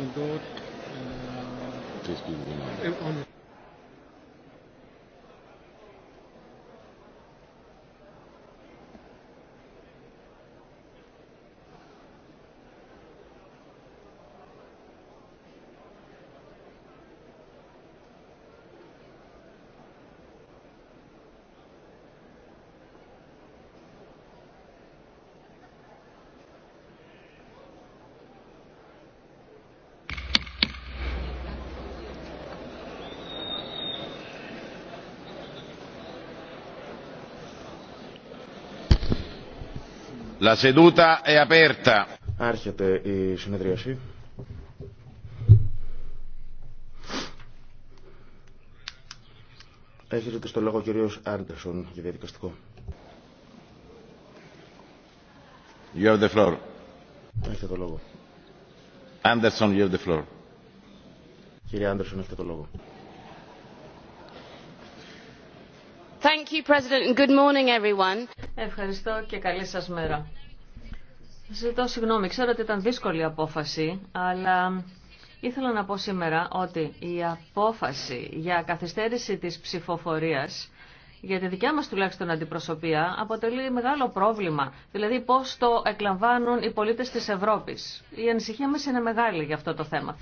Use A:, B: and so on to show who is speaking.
A: we vote.
B: La seduta è aperta.
A: Άρχεται η συνεδρίαση. Έχει ζητήσει το λόγο ο κύριος Άντερσον για διαδικαστικό.
C: You have the floor. Έχετε το λόγο. Άντερσον, you have the floor. Κύριε Άντερσον, έχετε το
A: λόγο.
D: Ευχαριστώ και καλή σας μέρα. Ζητώ συγγνώμη, ξέρω ότι ήταν δύσκολη η απόφαση, αλλά ήθελα να πω σήμερα ότι η απόφαση για καθυστέρηση της ψηφοφορίας για τη δικιά μας τουλάχιστον αντιπροσωπεία αποτελεί μεγάλο πρόβλημα. Δηλαδή πώς το εκλαμβάνουν οι πολίτες της Ευρώπης. Η ανησυχία μας είναι μεγάλη για αυτό το θέμα.